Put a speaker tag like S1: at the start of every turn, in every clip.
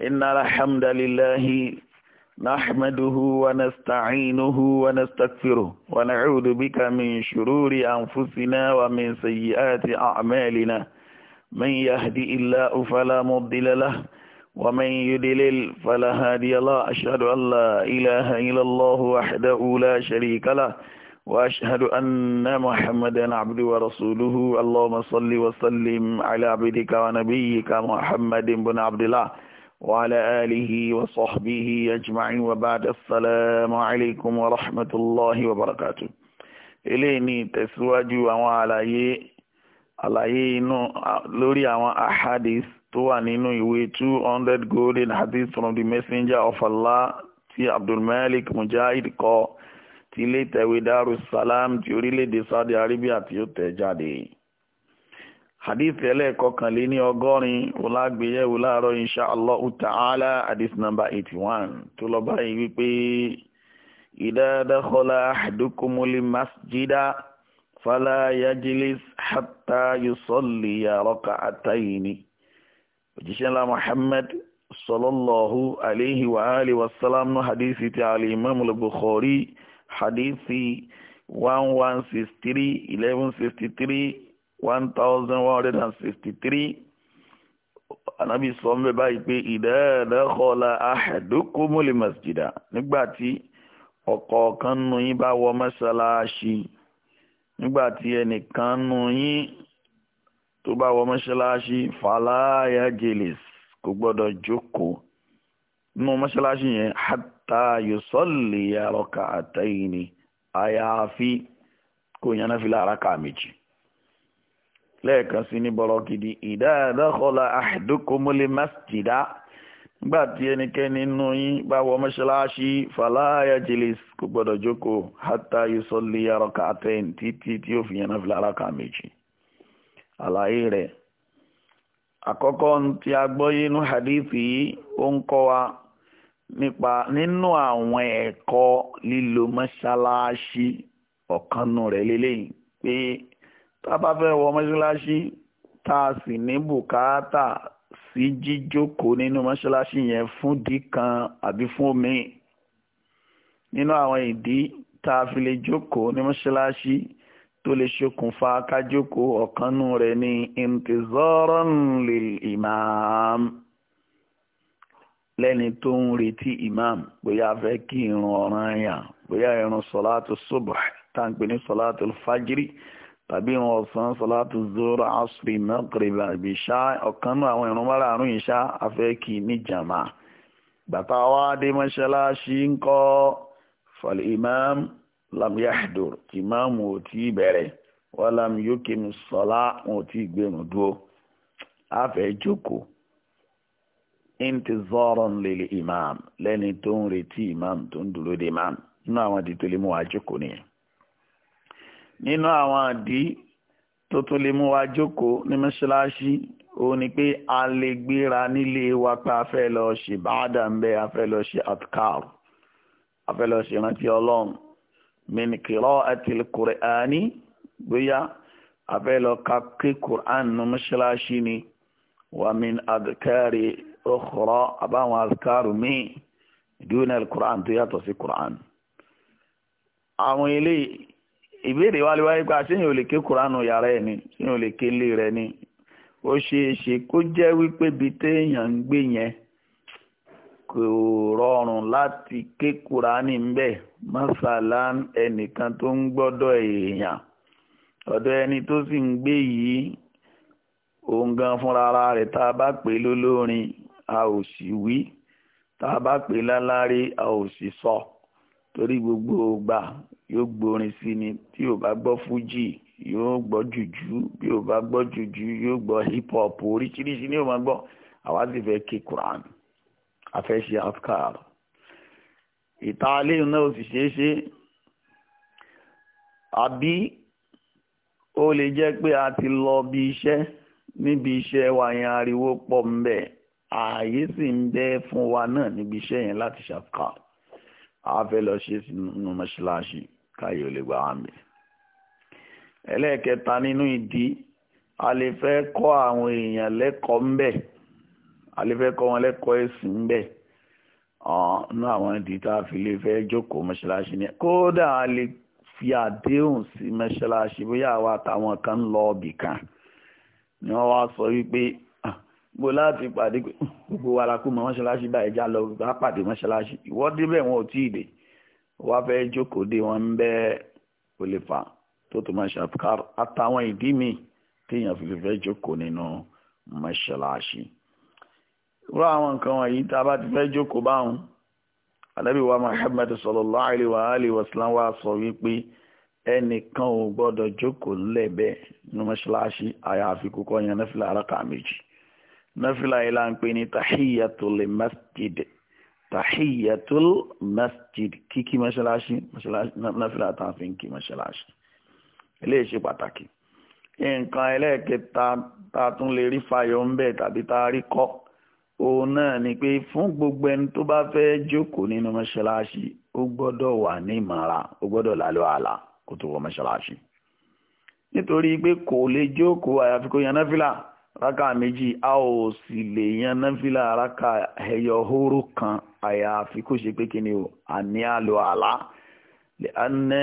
S1: إن الحمد لله نحمده ونستعينه ونستغفره ونعوذ بك من شرور أنفسنا ومن سيئات أعمالنا من يهدي الله فلا مضل له ومن يدلل فلا هادي له أشهد أن لا إله إلا الله وحده لا شريك له وأشهد أن محمدا عبده ورسوله اللهم صل وسلم على عبدك ونبيك محمد بن عبد الله وعلى آله وصحبه أجمعين وبعد السلام عليكم ورحمة الله وبركاته إليني تسواجي وعلى علي inú لوري àwọn أحاديث tó wà nínú ìwé 200 golden hadith from the messenger of Allah ti عبد الملك مجاهد ti ilé ìtẹ̀wé darussalam ti orílẹ̀-èdè saudi arabia tí ó tẹ̀ jáde hadith ẹlẹ́ẹ̀kọkànlé ní ọgọ́rin olágbéyẹ̀wò láàárọ̀ insha allah ta'ala hadith number eighty one tó lọ báyìí wípé idha dakhala ahadukumul masjida fala yajlis hatta yusalliya rak'atayni òjíṣẹ́ ńlá muhammad sallallahu alayhi wa alihi wa sallam ní hadith ti al-imam al-bukhari hadith one one six three eleven sixty three one thousand one hundred and sixty three anabi sọ ń bẹ báyìí pé idha dakhala ahadukumul masjida nígbà tí ọ̀kọ̀ọ̀kan nù yín bá wọ mọ́ṣáláṣí nígbà tí ẹnìkan nù yín tó bá wọ mọ́ṣáláṣí fàlàyà jèlès kò gbọ́dọ̀ jókòó nínú mọ́ṣáláṣí yẹn hatta yusalli raka'ataini àyàfi kò yànnà fi lára méjì. lẹ́ẹ̀kan sí ní bọ̀rọ̀kìdì ìdá ẹ̀dọ́kọ̀lá àdókòmólé masjidá nígbà tí ẹnikẹ́ni nínú yín bá wọ mọ́ṣáláṣí fàlàyà jìlis kò gbọ́dọ̀ jókòó hátà yusolli yaraka atain títí tí ó fi yẹn náà fi lára kà méjì. àlàyé rẹ̀ àkọ́kọ́ inú hadithi yìí ó ń kọ́ wa nípa nínú àwọn ẹ̀kọ́ lílo mọ́ṣáláṣí ọ̀kanú rẹ̀ tá a bá fẹ́ wọ mọ́ṣáláṣí tá a sì ní bùkátà sí jíjókòó nínú mọ́ṣáláṣí yẹn fún dí kan àbí fún omi nínú àwọn ìdí tá a fi lè jókòó ní mọ́ṣáláṣí tó lè ṣokùnfà kájókòó ọ̀kanú rẹ̀ ní intizaran lil imam lẹ́ni tó ń retí imam bóyá fẹ́ kí irun ọ̀ranyàn bóyá irun sọ̀látù subh tá à ń pè ní sọ̀látù fájírì tàbí ìrun ọ̀sán sọlátù zoro asri mẹ́kìrìbà ìbíṣá ọ̀kan náà àwọn ìrun mara àrùn ìṣá afẹ́kì níjàmá bàtà wa dé mọ́ṣáláṣí ń kọ́ fal imam lam yahdur ìmáàmù ò tí ì bẹ̀rẹ̀ wọ́n lam yukim sọlá wọn ò tí ì gbẹ̀rún dúró afẹ́ jókòó intizoran lil imam lẹ́ni tó ń retí imam tó ń dúró de imam nínú àwọn àdìtò lè mú wa jókòó nìyẹn nínú àwọn àdí tó tún lè mú wa jókòó ní mọ́ṣáláṣí òun ni pé a lè gbéra nílé wa pé a fẹ́ lọ ṣe báàdà ń bẹ a fẹ́ lọ ṣe àtúkàr a fẹ́ lọ ṣe ìrántí ọlọ́run min qira'atil Qur'ani bóyá a fẹ́ lọ ka ké Qur'an ní mọ́ṣáláṣí ni wa min adkari ukhra àbáwọn adkari míì dúnà Qur'an tó yàtọ̀ sí Qur'an àwọn eléyìí ìbéèrè wa lè wáyé pé àṣeyàn ò lè ké kuranu yàrá ẹ̀ ni ṣéyàn ò lè ké lé rẹ̀ ni ó ṣeé ṣe kó jẹ́ wípé bíi téèyàn ń gbé yẹn kò rọrùn láti ké kurani ń bẹ̀ mọ́sálá ẹnìkan tó ń gbọ́dọ̀ èèyàn ọ̀dọ̀ ẹni tó sì ń gbé yìí òun gan fúnra rẹ̀ tá a bá pè lólórin a ò sì wí tá a bá pè lálárí a ò sì sọ torí gbogbo ògbà yóò gbórin sí ni tí ò bá gbọ́ fújì yóò gbọ́ jùjú bí ò bá gbọ́ jùjú yóò gbọ́ hip hop oríṣiríṣi ni ò máa gbọ́ àwa sì fẹ́ kí quran afẹ́ ṣe afkar ìta alẹ́ náà ò sì ṣeé ṣe àbí ó lè jẹ́ pé a ti lọ bí iṣẹ́ níbi iṣẹ́ wa yẹn ariwo pọ̀ ń bẹ ààyè sì ń bẹ fún wa náà níbi iṣẹ́ yẹn láti ṣàfihàn a lọ ṣe sínú mọ́ṣáláṣí káyé ò lè gbà wá mi. ẹlẹ́ẹ̀kẹta nínú ìdí a lè fẹ́ kọ́ àwọn èèyàn lẹ́kọ̀ọ́ ńbẹ̀ a lè fẹ́ kọ́ wọn lẹ́kọ̀ọ́ ẹ̀sìn ńbẹ̀ nínú àwọn ìdí tá a fi lè fẹ́ jókòó mọ́ṣáláṣí ni kódà a lè fi àdéhùn sí mọ́ṣáláṣí bóyá àwa àtàwọn kan lọ ọbì kan ni wọ́n wá sọ wípé mo láti pàdé gbogbo wa la kú mọ́ mọ́ṣáláṣí báyìí já lọ bá pàdé mọ́ṣáláṣí ìwọ́dé bẹ́ẹ̀ wọn ò tí dé wá fẹ́ jókòó dé wọn ń bẹ́ ò lè fà tó tó máa ṣàfikàr àtàwọn ìdí mi téèyàn fi lè fẹ́ jókòó nínú mọ́ṣáláṣí. irú àwọn nǹkan wọ̀nyí tá a bá ti fẹ́ jókòó báwọn ànábì wa Muhammad sallallahu alaihi wa alihi wa sallam wa sọ wípé ẹnìkan ò gbọ́dọ̀ jókòó lẹ́bẹ̀ẹ́ nínú mọ́ṣáláṣí àyàfi kókó yan náfìlà arákà méjì náfìlà yìí là ń pè ní tahiyatul masjid tahiyatul masjid kíkí mọ́ṣáláṣí náfìlà tá a fi ń kí mọ́ṣáláṣí eléyìí ṣe pàtàkì nǹkan ẹlẹ́ẹ̀kẹta tá a tún lè rí fayọ ń bẹ̀ tàbí tá a rí kọ́ òun náà ni pé fún gbogbo ẹni tó bá fẹ́ jókòó nínú mọ́ṣáláṣí ó gbọ́dọ̀ wà ní ìmọ̀ra ó gbọ́dọ̀ lálọ́ àlà kó tó wọ mọ́ṣáláṣí nítorí pé kò lè jókòó àyàfi kó yan náfìlà rákà méjì a ò sì lè yan náfìlà rákà ẹyọ kan àyàfi kó ṣe pé kí ni o àní àlò àlá lè anẹ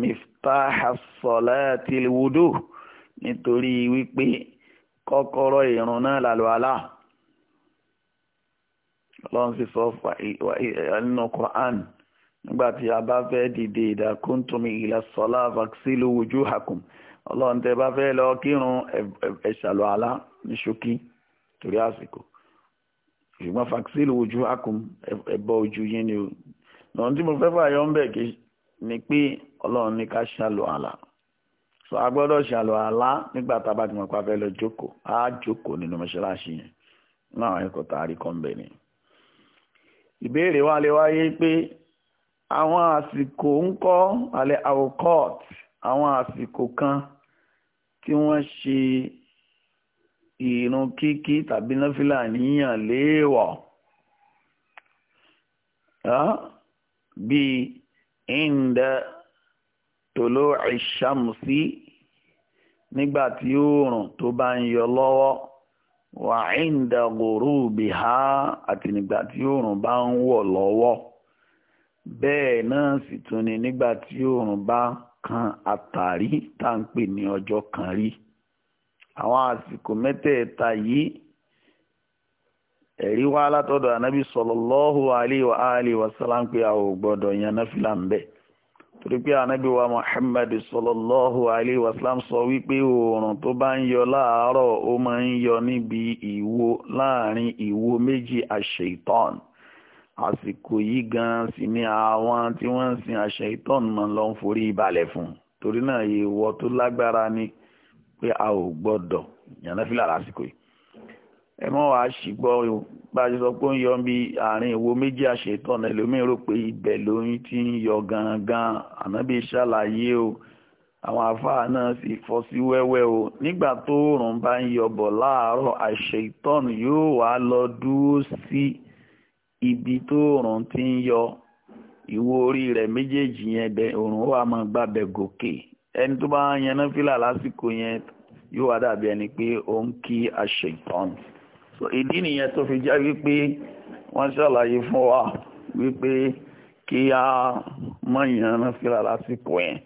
S1: miftaḥasọ̀lá tìlúwúdò nítorí wípé kọ́kọ́rọ́ ìrun náà làlò àlá ọlọ́run sì sọ nínú Quran nígbà tí a bá fẹ́ dìde ìdákùntùmí ìlà sọ́lá vaccine lówójú hakum ọlọ́run tẹ bá fẹ́ lọ kírun ẹ̀ṣàlọ́ àlá ní ṣókí torí àsìkò ṣùgbọ́n fàkísílù ojú akùn ẹ̀bọ ojú yín ni o ọ̀nà tí mo fẹ́ fààyàn ń bẹ̀ kí ni pé ọlọ́run ní ká ṣàlò àlà so a gbọ́dọ̀ ṣàlò àlá nígbà tá a bá ti a fẹ́ lọ jókòó á jókòó nínú mọ́ṣáláṣí yẹn ní àwọn ẹ̀kọ́ tá a rí kan bẹ̀ ni. ìbéèrè wa lè wáyé pé àwọn àsìkò ń kọ́ alẹ́ àwòkọ́ọ̀tì àwọn àsìkò kan tí wọ́n ṣe ìrun kíkí tàbí náfìlà níyàn léèwọ̀ bíi ìndẹ tòló ìṣàmùsí nígbà tí oòrùn tó bá ń yọ lọ́wọ́ wà ìndẹ gòrò bìhá àti nígbà tí oòrùn bá ń wọ̀ lọ́wọ́ bẹ́ẹ̀ náà sì tún ni nígbà tí oòrùn bá kan àtàrí tá ń pè ní ọjọ́ kan rí. àwọn àsìkò mẹ́tẹ̀ẹ̀ta yìí ẹ̀rí wá látọ̀dọ̀ ànábì sallallahu alaihi wa alihi wa a ò gbọ́dọ̀ yan ń bẹ̀ torí pé ànábì wa muhammad sallallahu alaihi wa sallam sọ wípé oòrùn tó bá ń yọ láàárọ̀ ó ma ń yọ níbi ìwo láàrin ìwo méjì àṣeyìtọ́n àsìkò yìí gan sì ni àwọn tí wọ́n ń sin forí fún pé a ò gbọ́dọ̀ yànnáfílà lásìkò yìí ẹ a wàá ṣìgbọ́ o sọ pé ń yọ bí àárín ìwo méjì àṣetọ́nà ẹlòmíín rò pé ibẹ̀ lóyún ti ń yọ gangan ànábì ṣàlàyé o àwọn afọ náà sì fọ́ sí wẹ́wẹ́ o nígbà tó oòrùn bá ń yọ láàárọ̀ àṣetọ́nù yóò wá lọ dúró sí ibi tó oòrùn ti ń yọ ìwo orí rẹ̀ méjèèjì yẹn oòrùn ó wà máa gbàbẹ̀ gòkè ẹni tó bá yan náfìlà lásìkò yẹn yóò wá dàbí ẹni pé ó ń kí aṣèǹtàn so ìdí nìyẹn tó fi jẹ́ wípé wọ́n ṣàlàyé fún wa wípé kí a mọ̀ yan náfìlà lásìkò yẹn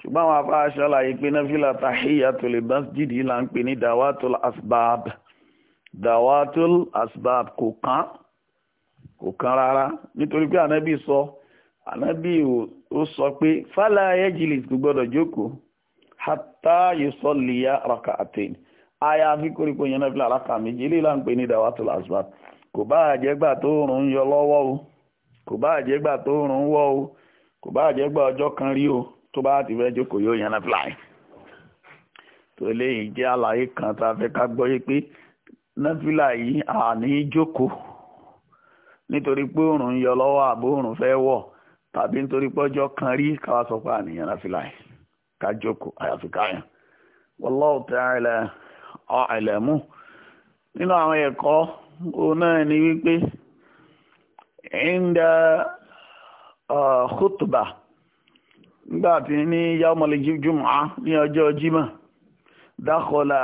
S1: ṣùgbọ́n àwọn afá ṣàlàyé pé náfìlà tahiyyatul masjid là ń pè ní dawatul asbab dawatul asbab kò kán kò kán rárá nítorí pé ànábì sọ. So, anabi o sọ pé fálà ẹjìlis kò gbọ́dọ̀ jókòó hàtà yusalliya rak'atayn àyàfi koríko yẹn náà fi àràkà méjì eléyìí là ń pè ní dàwátòlá asbat kò bá àjẹgbà tó rùn ń yọ lọ́wọ́ o kò bá àjẹgbà tó rùn ń wọ́ o kò bá ọjọ́ kan rí o tó bá ti fẹ́ jókòó yóò kan tá a fẹ́ ká gbọ́ yé pé náfìlà yìí àní jókòó nítorí tàbí nítorí pọ́jọ́ kan rí káwá sọ pé àníyàn náfìlà yìí kájókòó àyàfi káyàn wallahu ta'ala a'lamu nínú àwọn ẹ̀kọ́ òun náà ni wípé inda uh, khutba nígbà tí ní yawmal jumu'ah ní ọjọ́ jímọ̀ dakhala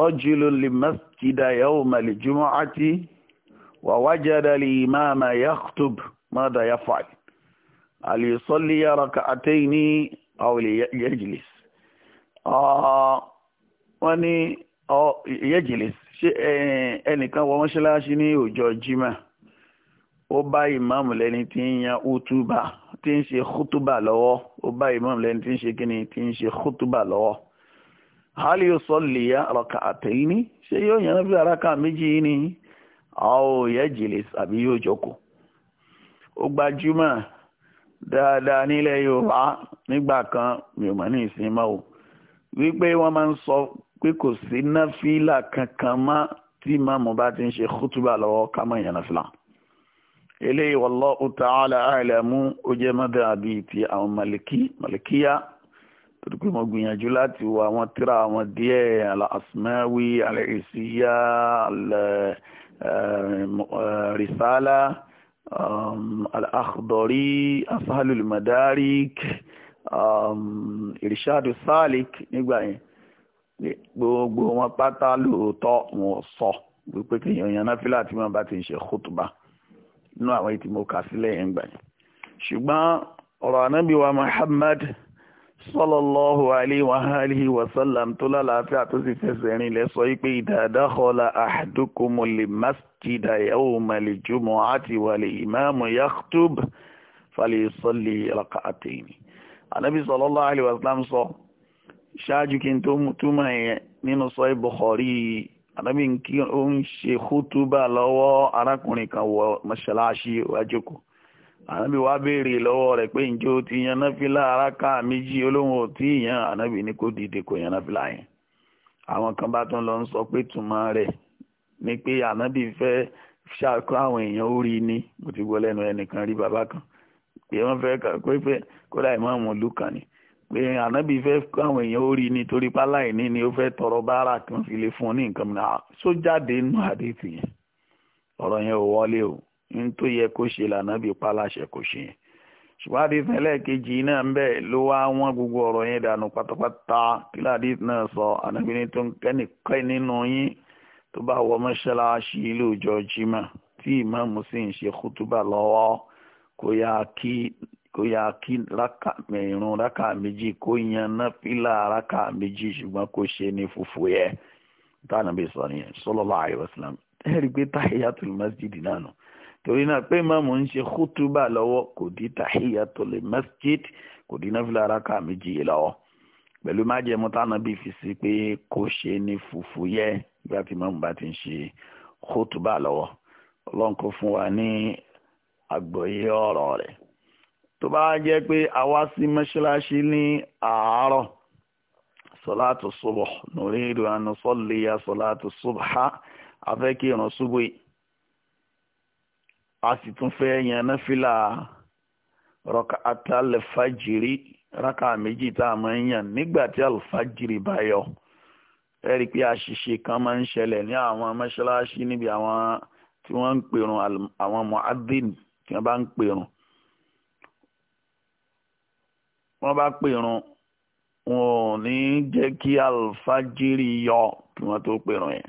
S1: rajulun lil masjida yawmal jumu'ati wa wajada al imama yakhtub. ماذا يفعل هل يصلي ركعتين أو يجلس آه وني أو يجلس ẹnìkan wọ mọ́ṣáláṣí ní ọjọ́ jimá ó bá ìmáàmù lẹ́ni tí ń yan útúbà tí ń ṣe kútúbà lọ́wọ́ ó bá ìmáàmù lẹ́ni tí ń ṣe kíni tí ń ṣe kútúbà lọ́wọ́ hali yusalli rak'ataini ṣé yóò yan náà fi àràkà méjì yìí ni àwọn òòyẹ́ jìlẹ̀ àbí yóò jókòó ó gbajúmọ̀ dáadáa nílẹ̀ yorùbá nígbà kan mi ò mọ̀ ní ìsinmi o wípé wọ́n máa ń sọ pé kò sí náfìlà kankan mọ́ tí màmú bá ti ń ṣe kútùbà lọ́wọ́ ká mọ̀ yẹn náfìlà eléyìí wallahu ta'ala a'lamu ó jẹ́ mọ́tò àbí ti àwọn màlìkí màlìkíyà torí pé mo gbìyànjú láti wo àwọn tíra àwọn díẹ̀ al-asmawi al-isiya al-risala. Eh, eh, um, al-akhdari asahalul madarik um, irishadu salik nígbà yẹn gbogbo wọn pátá lóòótọ́ wọn sọ wípé kéèyàn yan náfìlà tí wọn bá ti ń ṣe khutuba nínú àwọn ètí mo yẹn gbà ṣùgbọ́n ọ̀rọ̀ anábìwa muhammad sọ́lọ́lọ́hù aléwàhálì wasallam tó lálàáfíà tó sì fẹsẹ̀ rinlẹ̀ sọ wípé ìdàdákọ́lá àdúkùmù lè masjida yawma lè jùmọ̀ àti wà lè ìmáàmù yaktub falisọ́lì raka'atayni. anábì sọ́lọ́lọ́ aléwà wasallam sọ ṣáájú kí n tó túmọ̀ yẹn nínú sọ Bukhari anábì ń ṣe kútúbà lọ́wọ́ arákùnrin kan wọ mọ́ṣáláṣí wájókòó ànábì wá béèrè lọ́wọ́ rẹ̀ pé ǹjẹ́ o ti yan náfìlà aráka méjì olóhùn ò tí ì yan ànábì ní kó dìde kò yan náfìlà yẹn àwọn kan bá tún lọ ń sọ pé túmọ̀ rẹ̀ ni pé ànábì fẹ́ ṣàkó àwọn èèyàn ó rí ni mo ti gbọ́ lẹ́nu ẹnìkan rí bàbá kan pé wọ́n fẹ́ pé pé kódà ìmáàmù ìlú kan ni pé ànábì fẹ́ kó àwọn èèyàn ó rí ni torí páláìní ni ó fẹ́ tọrọ báárà kan fi lè fún un ní nǹkan mìíràn ní tó yẹ kó ṣe lànàbí paláṣẹ kò ṣe yẹn ṣùgbọ́n àdìs náà lẹ́ẹ̀kejì náà ń bẹ̀ ló wá wọ́n gbogbo ọ̀rọ̀ yẹn dànù pátápátá kí ládìs náà sọ ànábìíní tó ń kẹ́nìkan nínú yín tó bá wọ mọ́ṣáláṣí lóòjọ́ jimá tí ìmáàmù sì ń ṣe kútúbà lọ́wọ́ kó yá kí irun rákà méjì kó yan náfìlà rákà méjì ṣùgbọ́n kó ṣe ní fufu yẹ tánàbí sọ nìyẹn sallallahu alaihi wasallam ẹ̀rí pé tahiyatul masjid náà nù torí náà pé ìmáàmù ń ṣe kútúbà lọ́wọ́ kò dí tahiyatul masjid kò dí náfìlà rákà méjì yìí lọ́wọ́ pẹ̀lú májẹ̀mú tánàbí fi sí pé kò ṣe ní fùfú yẹ bí a ti máa ń bá ti ń ṣe kútúbà lọ́wọ́ ọlọ́run kò fún wa ní àgbọ́yé ọ̀rọ̀ rẹ̀ tó bá jẹ́ pé a wá sí mọ́ṣáláṣí ní àárọ̀ sọláàtù subh nuridu an nusalliya sọláàtù subha afẹ́kírun ṣubú yìí a sì tún fẹ́ yan náfìlà rọ́kà àtàlẹ́fàjìrì rákà méjì tá a máa ń yàn nígbà tí àlùfàjìrì bá yọ ẹ rí i pé àṣìṣe kan máa ń ṣẹlẹ̀ ní àwọn mọ́ṣáláṣí níbi àwọn tí wọ́n ń pèrun àwọn mu'adhin tí wọ́n bá ń pèrun wọ́n bá pèrun wọn ò ní jẹ́ kí àlùfàjìrì yọ kí wọ́n tó pèrun yẹn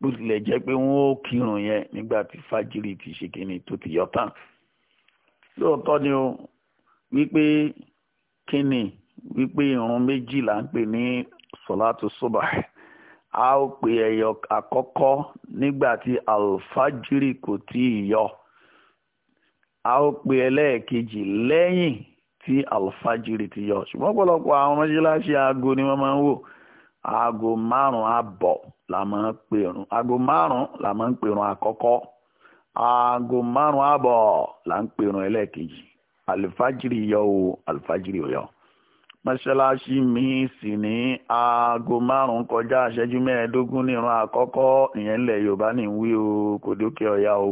S1: bó tilẹ̀ jẹ́ pé wọ́n ó kírun yẹn nígbà tí ti ṣe kíni tó ti yọ tán lóòótọ́ ni o wípé kíni wípé irun méjì là ń pè ní sọ̀látù sọ́bà a ó pe ẹyọ àkọ́kọ́ nígbà tí alfajiri kò tí ì yọ a ó pè ẹlẹ́ẹ̀kejì lẹ́yìn tí alfajiri ti yọ ṣùgbọ́n ọ̀pọ̀lọpọ̀ àwọn mọ́ṣáláṣí aago ni wọ́n máa ń wò aago márùn-ún àbọ̀ la máa ń pè irun aago márùn-ún la máa ń pè irun àkọ́kọ́ aago márùn-ún àbọ̀ la ń pè irun ẹlẹ́ẹ̀kejì alifájìrì yọ o alifájìrì ò yọ mọ́ṣáláṣí míì sì ní aago márùn-ún kọjá ìṣẹ́jú mẹ́ẹ̀ẹ́dógún ní irun àkọ́kọ́ ìyẹn ńlẹ̀ yorùbá ní wí o kò dókè ọ̀yá o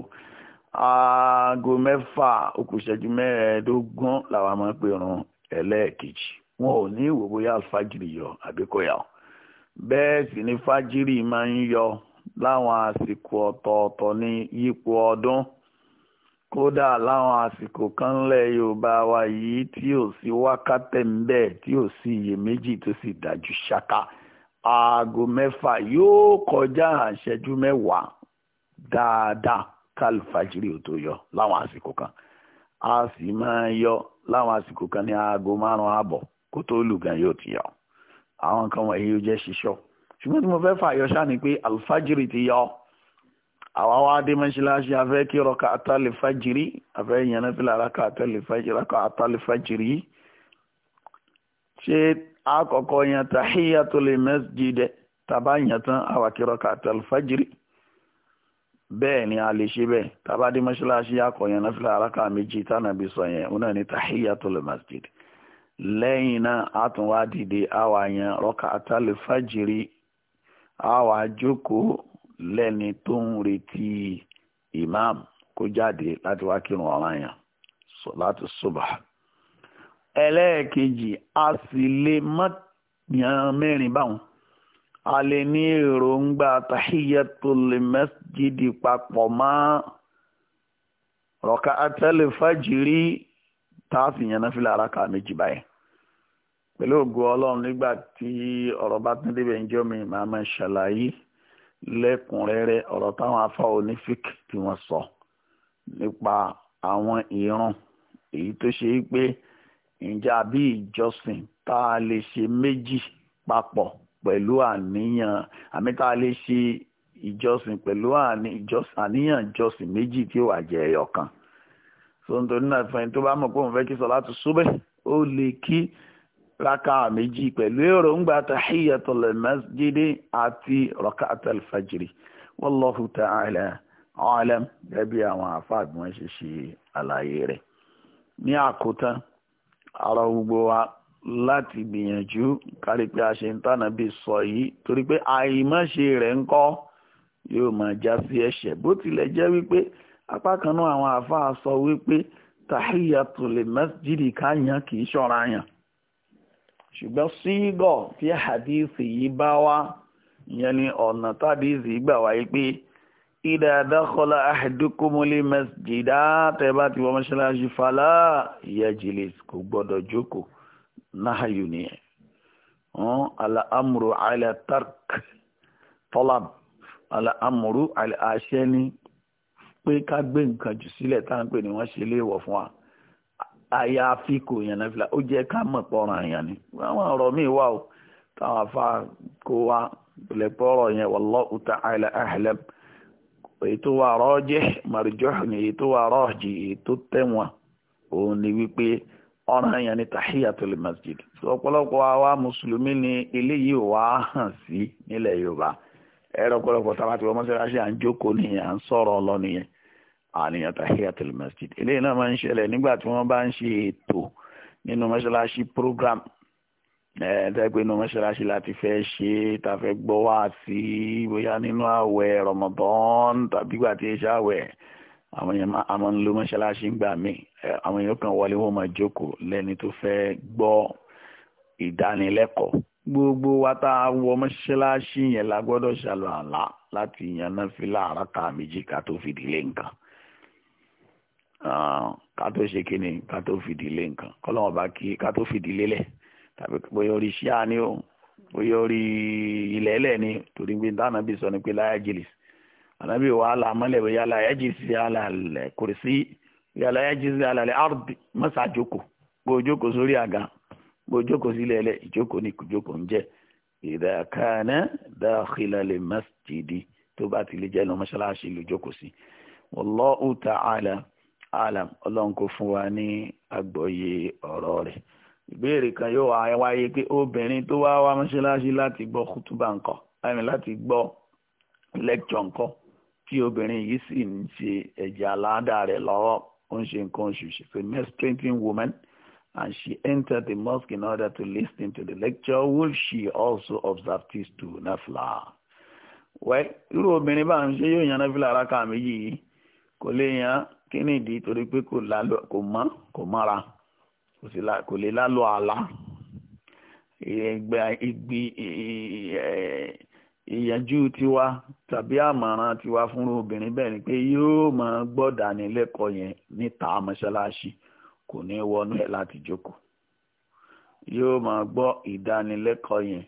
S1: aago mẹ́fà okùn ìṣẹ́jú mẹ́ẹ̀ẹ́dógún làwọn máa ń pè irun ẹlẹ́ẹ̀kejì wọn ò ní ìwò bóyá alifájìrì yọ àbí kò bẹ́ẹ̀ sì ni fájírì máa ń yọ láwọn àsìkò ọ̀tọ̀ọ̀tọ̀ ní yípo ọdún kódà láwọn àsìkò kan lẹ̀ yorùbá wa yìí tí ò sí wákàtẹ́ ń bẹ̀ tí ò sí iyèméjì tó sì dájú ṣáká aago mẹ́fà yóò kọjá àṣẹjú mẹ́wàá dáadáa kálífàjírì ò tó yọ láwọn àsìkò kan a sì máa yọ láwọn àsìkò kan ní aago márùn-ún kó tó lùgàn ti yọ. àwọn nǹkan wọ̀nyí yóò jẹ́ ṣíṣọ́ ṣùgbọ́n tí mo fẹ́ fààyọ ṣáà ni pé alfajiri ti yọ àwa wá dé mọ́ṣáláṣí afẹ́ kí rọ́kà àtàlẹ́ fajiri afẹ́ yẹn fìlà rọ́kà àtàlẹ́ fajiri rọ́kà àtàlẹ́ fajiri ṣé àkọ́kọ́ yẹn tahiyatul masjid tàbá yẹn tán àwa kí rọ́kà àtàlẹ́ fajiri bẹ́ẹ̀ ni a lè ṣe bẹ́ẹ̀ tàbá dé mọ́ṣáláṣí akọ̀ yẹn fìlà rọ́kà méjì tánàbí sọ yẹn òun náà ni tahiyatul masjid lẹ́yìn náà a tún wá dìde àwa yan rọ́kà àtàlẹ́ fàjìrì lẹ́ni tó ń retí imam kó jáde láti wá kírun ọ̀ràn yẹn láti subah ẹlẹ́ẹ̀kejì a sì lè má yan mẹ́rin báwọn a lè ní èròǹgbà masjid papọ̀ mọ́ rọ́kà àtàlẹ́ táàfì yẹn náfìlà araka méjì báyìí pẹ̀lú ògo ọlọ́run nígbà tí ọ̀rọ̀ bá tún débẹ̀ ń jọ́ mi màá máa ṣàlàyé lẹ́kùnrẹ́rẹ́ ọ̀rọ̀ táwọn afá onífíkì tí wọ́n sọ nípa àwọn ìran èyí tó ṣe é pé ǹjẹ́ àbí ìjọsìn tá a lè ṣe méjì papọ̀ pẹ̀lú àníyàn àmì tá a lè ṣe ìjọsìn pẹ̀lú àníyàn ìjọsìn méjì tí ó wà jẹ́ ẹyọ kan. sọ̀tòrí náà fẹ́ni tó bá mọ̀ pé òun fẹ́ kí súbẹ̀ ó lè kí rákà méjì pẹ̀lú èròǹgbà tahiyyatul masjidi àti rak'atul fajri wallahu ta'ala a'lam gẹ́gẹ́ bí àwọn àfáà ṣe ṣe àlàyé rẹ̀ ní àkótán ara gbogbo wa láti gbìyànjú kárí pé a ṣe ń tànà bí sọ yìí torí pé àìmọ́ṣe rẹ̀ yóò apá kan náà àwọn àáfàá sọ wípé tahiyatul masjidi káyàn kì í ṣọ́ra yàn ṣùgbọ́n sígọ̀ tí hadithi yìí bá wá ìyẹn ni ọ̀nà tádìsì gbà wáyé pé ìdá àdákọ́lá àdúkùmọ́lé masjidá tẹ́bá ti wọ́n mọ́ṣáláṣí falá ìyẹ́jìlẹ̀ kò gbọ́dọ̀ jókòó náhàyò nìyẹn wọn alamuru alatark tọ́lá alamuru àṣẹ ní pé ká gbé nǹkan jù sílẹ̀ tá à ń pè ní wọ́n ṣe léèwọ̀ fún wa àyàfi kò yàn náà fìlà ó jẹ́ ká mọ̀ pọ́nrán ni àwọn ọ̀rọ̀ wà o táwọn afá kó wa lẹ́pọ̀rọ̀ yẹn wallahu ta'ala a'lam èyí tó wà rọ́ọ̀jẹ́ marjuh ni èyí tó wà rọ́ọ̀jì èyí tó tẹ̀wọ̀n òun ni wípé ọ̀ràn yẹn ni tahiyatul masjid ọ̀pọ̀lọpọ̀ àwa mùsùlùmí ni eléyìí wà á hàn sí nílẹ̀ yorùbá ẹ̀rọ ọ̀pọ̀lọpọ̀ tábàtì mọ́sálásí à ń jókòó nìyẹn à ń sọ̀rọ̀ àníyàn tahiyatul masjid eléyìí náà máa ń ṣẹlẹ̀ nígbà tí wọ́n bá ń ṣe ètò nínú mọ́ṣáláṣí program ẹ̀ẹ́dẹ́gbẹ́ inú mọ́ṣáláṣí láti fẹ́ ṣe tá a fẹ́ gbọ́ wá sí bóyá nínú àwẹ̀ Ramadan tàbí gbà tí èṣà àwẹ̀ àwọn èèyàn àmọ́ ń lo mọ́ṣáláṣí ń gbà mí àwọn èèyàn kan wọlé wọn máa jókòó lẹ́ni tó fẹ́ gbọ́ ìdánilẹ́kọ̀ọ́ gbogbo wa wọ mọ́ṣáláṣí yẹn la ṣàlọ́ àlá láti yan fi láàárọ̀ ká méjì ká tó fìdílé nǹkan Ah, ká tó ṣe kíni ká tó fìdílé nǹkan kọ́lọ́wọ́n bá kí ká tó fìdílé lẹ̀ tàbí bóyá orí ṣíà ni o bóyá orí ilẹ̀ ẹlẹ̀ ni torí pé dáná bí sọ ni pé láyà jìlì ànábì wà á la mọ́lẹ̀ bóyá láyà jìlì sí àlàlẹ̀ kùrìsì bóyá láyà jìlì sí àlàlẹ̀ àrùbí mọ́sàájókòó bó jókòó sórí àga bó jókòó sílẹ̀ ẹlẹ̀ ìjókòó ni ìjókòó ń jẹ́ ìdàkànnà dàkìlàlẹ̀ masjidi tó alam ọlọ́run kò fún wa ní àgbọ́yé ọ̀rọ̀ rẹ̀ ìbéèrè kan yóò wá wáyé pé obìnrin tó wá wá mọ́ṣáláṣí láti gbọ́ kútúbà ńkọ́ àmì láti gbọ́ lẹ́kṣọ̀ ńkọ́ tí obìnrin yìí sì ń ṣe ẹ̀jẹ̀ aláàdá rẹ̀ lọ́wọ́ ó ń ṣe nǹkan oṣù she is a menstruating woman and she entered the mosque in order to listen to the lecture will she also observe this to nafla. wẹ́ irú obìnrin báyìí ṣé yóò yan nafla ara kan méjì yìí kò lè yan kí ni ìdí torí pé kò lálọ kò mọ́ kò mọ́ra kò sì la kò lè lálọ àlá ìgbà ìgbì ìyànjú tiwa tàbí àmọ̀ràn tiwa fún obìnrin bẹ́ẹ̀ ni pé yóò máa gbọ́dà nílẹ́kọ̀ọ́ yẹn níta mọ́ṣáláṣí kò ní wọnú ẹ̀ láti jókòó yóò máa gbọ́ ìdánilẹ́kọ̀ọ́ yẹn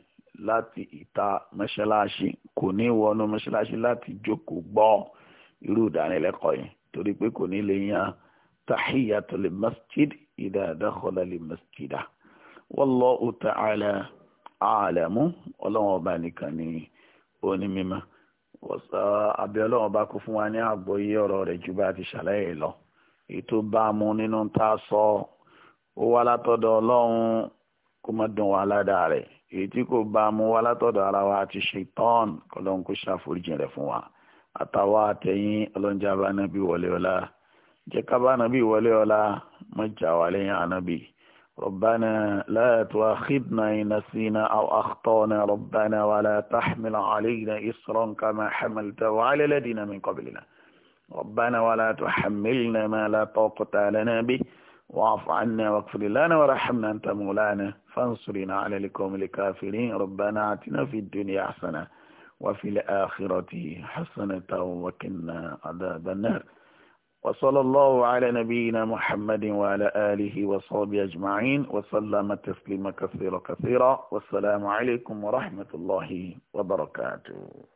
S1: láti ìta mọ́ṣáláṣí kò ní wọnú mọ́ṣáláṣí láti jókòó gbọ́ irú ìdánilẹ́kọ̀ọ́ yẹn torí pé kò ní lè yan tahiyatul masjid idha dakhala lil masjida wallahu ta'ala a'lamu ọlọ́wọ́n ọba nìkan ní onímímọ́ abẹ́ ọlọ́wọ́n ọba kó fún wa ní àgbọ́yé ọ̀rọ̀ rẹ̀ ju bá ti ṣàlàyé lọ ètò bá a mú nínú tá a sọ ó wá látọ̀dọ̀ ọlọ́run kó má dùn wá ládàá rẹ̀ èyí tí kò bá a mú wá látọ̀dọ̀ ara wa àti ṣètọ́n kọ́lọ́n kó ṣàforíjìn rẹ̀ fún wa. àtàwọn àtẹ̀yìn ọlọ́njà bá nàbí wọlé ọlá jẹ́ ká bá nàbí wọlé ọlá ya wà lẹ́yìn ànábì ربنا لا تؤاخذنا إن نسينا أو أخطأنا ربنا ولا تحمل علينا إصرا كما حملته على الذين من قبلنا ربنا ولا تحملنا ما لا طاقة لنا به واعف عنا واغفر لنا وارحمنا أنت مولانا فانصرنا على القوم الكافرين ربنا آتنا في الدنيا حسنة وفي الآخرة حسنة وكنا عذاب النار وصلى الله على نبينا محمد وعلى آله وصحبه أجمعين وسلم تسليما كثيرا كثيرا والسلام عليكم ورحمة الله وبركاته